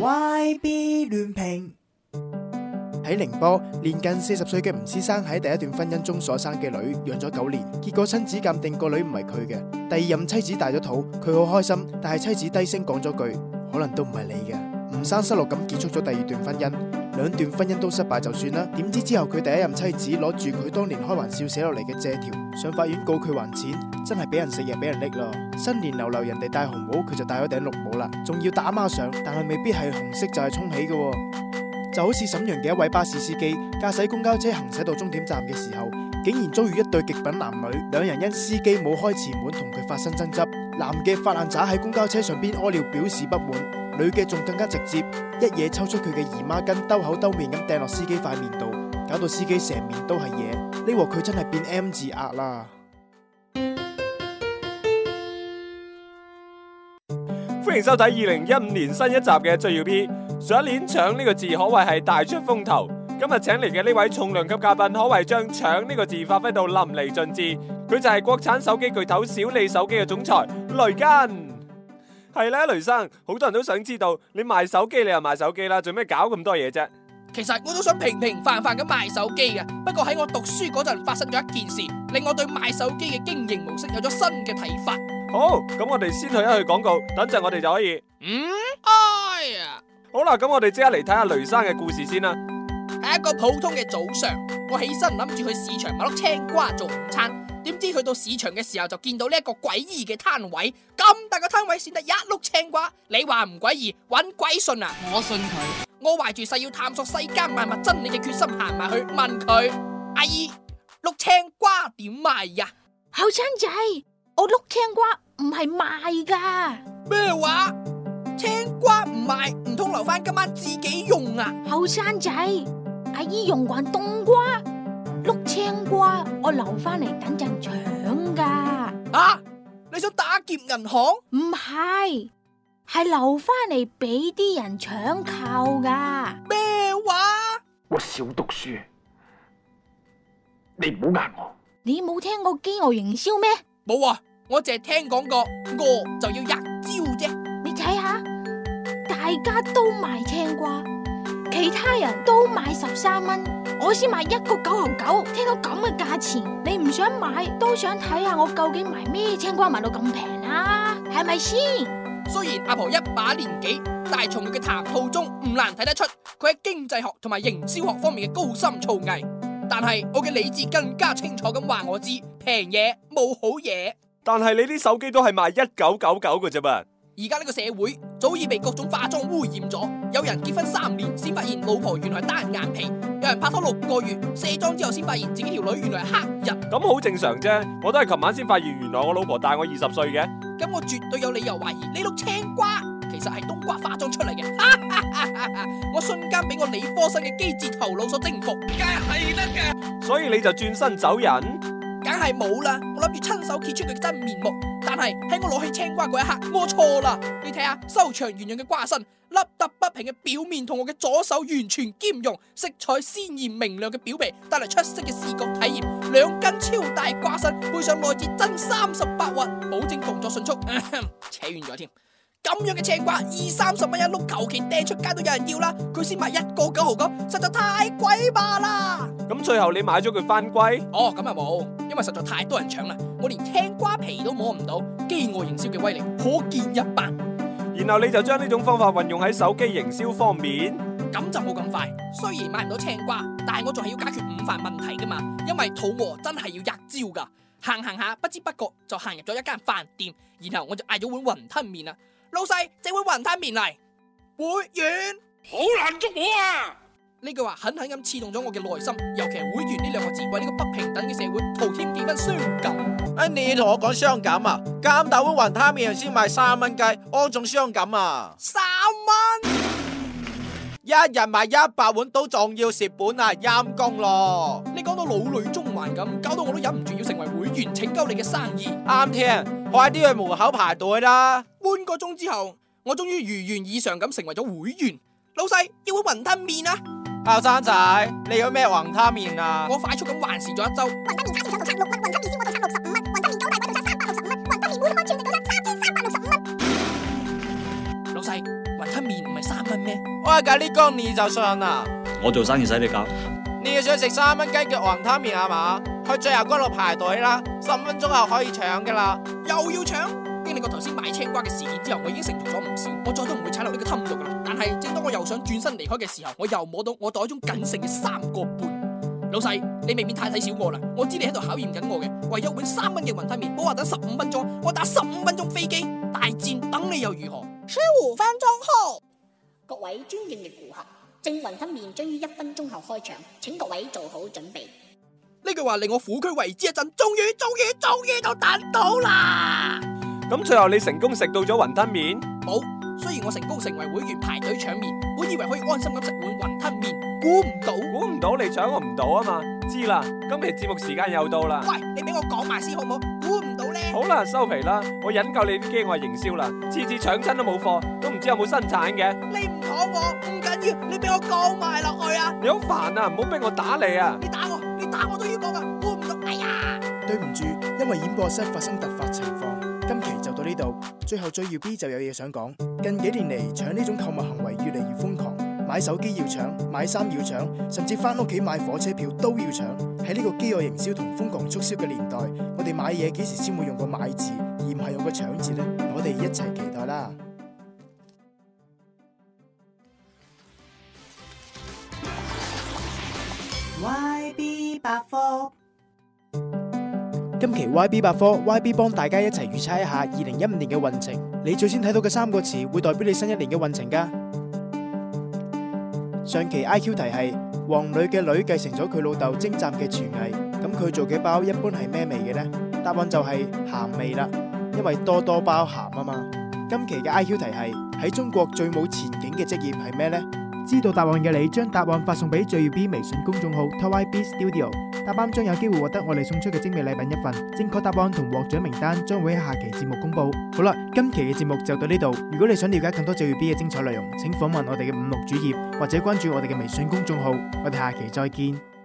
歪 B 亂評。喺寧波，年近四十歲嘅吳先生喺第一段婚姻中所生嘅女養咗九年，結果親子鑑定個女唔係佢嘅。第二任妻子大咗肚，佢好開心，但係妻子低聲講咗句：可能都唔係你嘅。吳生失落咁結束咗第二段婚姻。兩段婚姻都失敗就算啦，點知之後佢第一任妻子攞住佢當年開玩笑寫落嚟嘅借條上法院告佢還錢，真係俾人食嘢俾人拎咯！新年流流，人哋戴紅帽，佢就戴咗頂綠帽啦，仲要打孖上，但係未必係紅色就係沖喜噶，就好似瀋陽嘅一位巴士司機駕駛公交車行駛到終點站嘅時候，竟然遭遇一對極品男女，兩人因司機冇開前門同佢發生爭執，男嘅發爛渣喺公交車上邊屙尿表示不滿。女嘅仲更加直接，一嘢抽出佢嘅姨媽巾，兜口兜面咁掟落司機塊面度，搞到司機成面都係嘢。呢鑊佢真係變 M 字壓啦！歡迎收睇二零一五年新一集嘅最耀 B。上一年搶呢個字可謂係大出風頭，今日請嚟嘅呢位重量級嘉賓可謂將搶呢個字發揮到淋漓盡致。佢就係國產手機巨頭小李手機嘅總裁雷根。係啦，雷生，好多人都想知道你賣手機你又賣手機啦，做咩搞咁多嘢啫？其實我都想平平凡凡咁賣手機嘅，不過喺我讀書嗰陣發生咗一件事，令我對賣手機嘅經營模式有咗新嘅睇法。好，咁我哋先去一去廣告，等陣我哋就可以。嗯，哎呀，好啦，咁我哋即刻嚟睇下雷生嘅故事先啦。係一個普通嘅早上，我起身諗住去市場買碌青瓜做午餐。點知去到市場嘅時候就見到呢一個詭異嘅攤位，咁大個攤位先得一碌青瓜，你話唔詭異？搵鬼信啊！我信佢，我懷住誓要探索世間萬物真理嘅決心行埋去問佢，阿姨，碌青瓜點賣呀？後生仔，我碌青瓜唔係賣噶。咩話？青瓜唔賣，唔通留翻今晚自己用啊？後生仔，阿姨用慣冬瓜。碌青瓜，我留翻嚟等陣搶噶。啊！你想打劫銀行？唔係，係留翻嚟俾啲人搶購噶。咩話？我少讀書，你唔好呃我。你冇聽過飢餓營銷咩？冇啊，我淨係聽講過，餓就要一招啫。你睇下，大家都賣青瓜，其他人都賣十三蚊。我先賣一個九毫九，聽到咁嘅價錢，你唔想買都想睇下我究竟賣咩青瓜賣到咁平啦，係咪先？雖然阿婆一把年紀，但係從佢嘅談吐中唔難睇得出佢喺經濟學同埋營銷學方面嘅高深造詣。但係我嘅理智更加清楚咁話我知，平嘢冇好嘢。但係你啲手機都係賣一九九九㗎啫嘛。而家呢個社會早已被各種化妝污染咗，有人結婚三年先發現老婆原來單眼皮，有人拍拖六個月卸妝之後先發現自己條女原來係黑人，咁好正常啫。我都係琴晚先發現原來我老婆大我二十歲嘅，咁我絕對有理由懷疑你碌青瓜其實係冬瓜化妝出嚟嘅， 我瞬間俾我理科生嘅機智頭腦所征服，梗係得嘅，所以你就轉身走人，梗係冇啦，我諗住親手揭穿佢嘅真面目。但係喺我攞起青瓜嗰一刻，我錯啦！你睇下修長圓潤嘅瓜身，凹凸不平嘅表面同我嘅左手完全兼容，色彩鮮艷明亮嘅表皮帶嚟出色嘅視覺體驗，兩根超大瓜身配上內置真三十八滑，保證動作迅速， 扯完就停。咁樣嘅青瓜二三十蚊一碌，求其掟出街都有人要啦。佢先賣一個九毫九，實在太貴罷啦！咁最後你買咗佢翻歸？哦，咁啊冇，因為實在太多人搶啦，我連青瓜皮都摸唔到，飢餓營銷嘅威力可見一斑。然後你就將呢種方法運用喺手機營銷方面？咁就冇咁快。雖然買唔到青瓜，但係我仲係要解決午飯問題噶嘛，因為肚餓真係要一招噶。行行下，不知不覺就行入咗一間飯店，然後我就嗌咗碗雲吞麵啦。老細，整碗雲吞麵嚟，會員好難捉摸啊！呢句話狠狠咁刺痛咗我嘅內心，尤其係會員呢兩個字，為呢個不平等嘅社會徒添幾分傷感。哎、啊，你同我講傷感啊？咁大碗雲吞麵先賣三蚊雞，安仲傷感啊？三蚊元，一日賣一百碗都仲要蝕本啊！陰公咯，你講到老淚縱橫咁，搞到我都忍唔住要成為會員，拯救你嘅生意。啱聽，快啲去門口排隊啦！半個鐘之後，我終於如願以償咁成為咗會員老。老細，要碗雲吞麵啊！後生仔，你有咩雲吞麵啊？我快速咁環視咗一周。雲吞麵打市場六六蚊，雲吞麵先我度七六十五蚊，雲吞麵九大鬼，度七三百六十五蚊，雲吞麵每到安全值到七三千三百六十五蚊。老細，雲吞麵唔係三蚊咩？我計呢缸你就信啦。我做生意使你搞。你要想食三蚊雞嘅雲吞麵係嘛？去最後嗰度排隊啦，十五分鐘後可以搶噶啦。又要搶？喺個頭先買青瓜嘅事件之後，我已經成熟咗唔少，我再都唔會踩落呢個氹度噶啦。但係正當我又想轉身離開嘅時候，我又摸到我袋中僅剩嘅三個半。老細，你未免太睇小我啦！我知你喺度考驗緊我嘅，唯有碗三蚊嘅雲吞麵，我話等十五分鐘，我打十五分鐘飛機大戰等你又如何？十五分鐘後，各位尊敬嘅顧客，正雲吞麵將於一分鐘後開場，請各位做好準備。呢句話令我苦區為之一陣，終於，終於，終於都等到啦！咁最後你成功食到咗雲吞麵？冇，雖然我成功成為會員排隊搶麵，本以為可以安心咁食碗雲吞麵，估唔到，估唔到你搶我唔到啊嘛！知啦，今期節目時間又到啦。喂，你俾我講埋先好唔好？估唔到咧。好啦，收皮啦，我忍夠你啲飢餓營銷啦，次次搶親都冇貨，都唔知有冇生產嘅。你唔講我唔緊要，你俾我講埋落去啊！你好煩啊，唔好逼我打你啊！你打我，你打我都要講啊，估唔到，哎呀！對唔住，因為演播室發生突發情況。最後最要 B 就有嘢想講，近幾年嚟搶呢種購物行為越嚟越瘋狂買機，買手機要搶，買衫要搶，甚至翻屋企買火車票都要搶。喺呢個飢餓營銷同瘋狂促銷嘅年代，我哋買嘢幾時先會用個買字，而唔係用個搶字呢？我哋一齊期待啦。Y B 八 four 今期 YB 百科 YB 幫大家一齊預測一下二零一五年嘅運程，你最先睇到嘅三個詞會代表你新一年嘅運程噶。上期 IQ 題係王女嘅女繼承咗佢老豆精湛嘅廚藝，咁佢做嘅包一般係咩味嘅呢？答案就係鹹味啦，因為多多包鹹啊嘛。今期嘅 IQ 題係喺中國最冇前景嘅職業係咩呢？知道答案嘅你將答案發送俾最耀 B 微信公眾號 Top YB Studio。答班將有機會獲得我哋送出嘅精美禮品一份，正確答案同獲獎名單將會喺下期節目公布。好啦，今期嘅節目就到呢度。如果你想了解更多《最耀 B》嘅精彩內容，請訪問我哋嘅五六主頁或者關注我哋嘅微信公眾號。我哋下期再見。